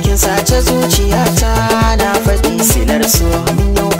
kin sace zuciyata na faɗi silar so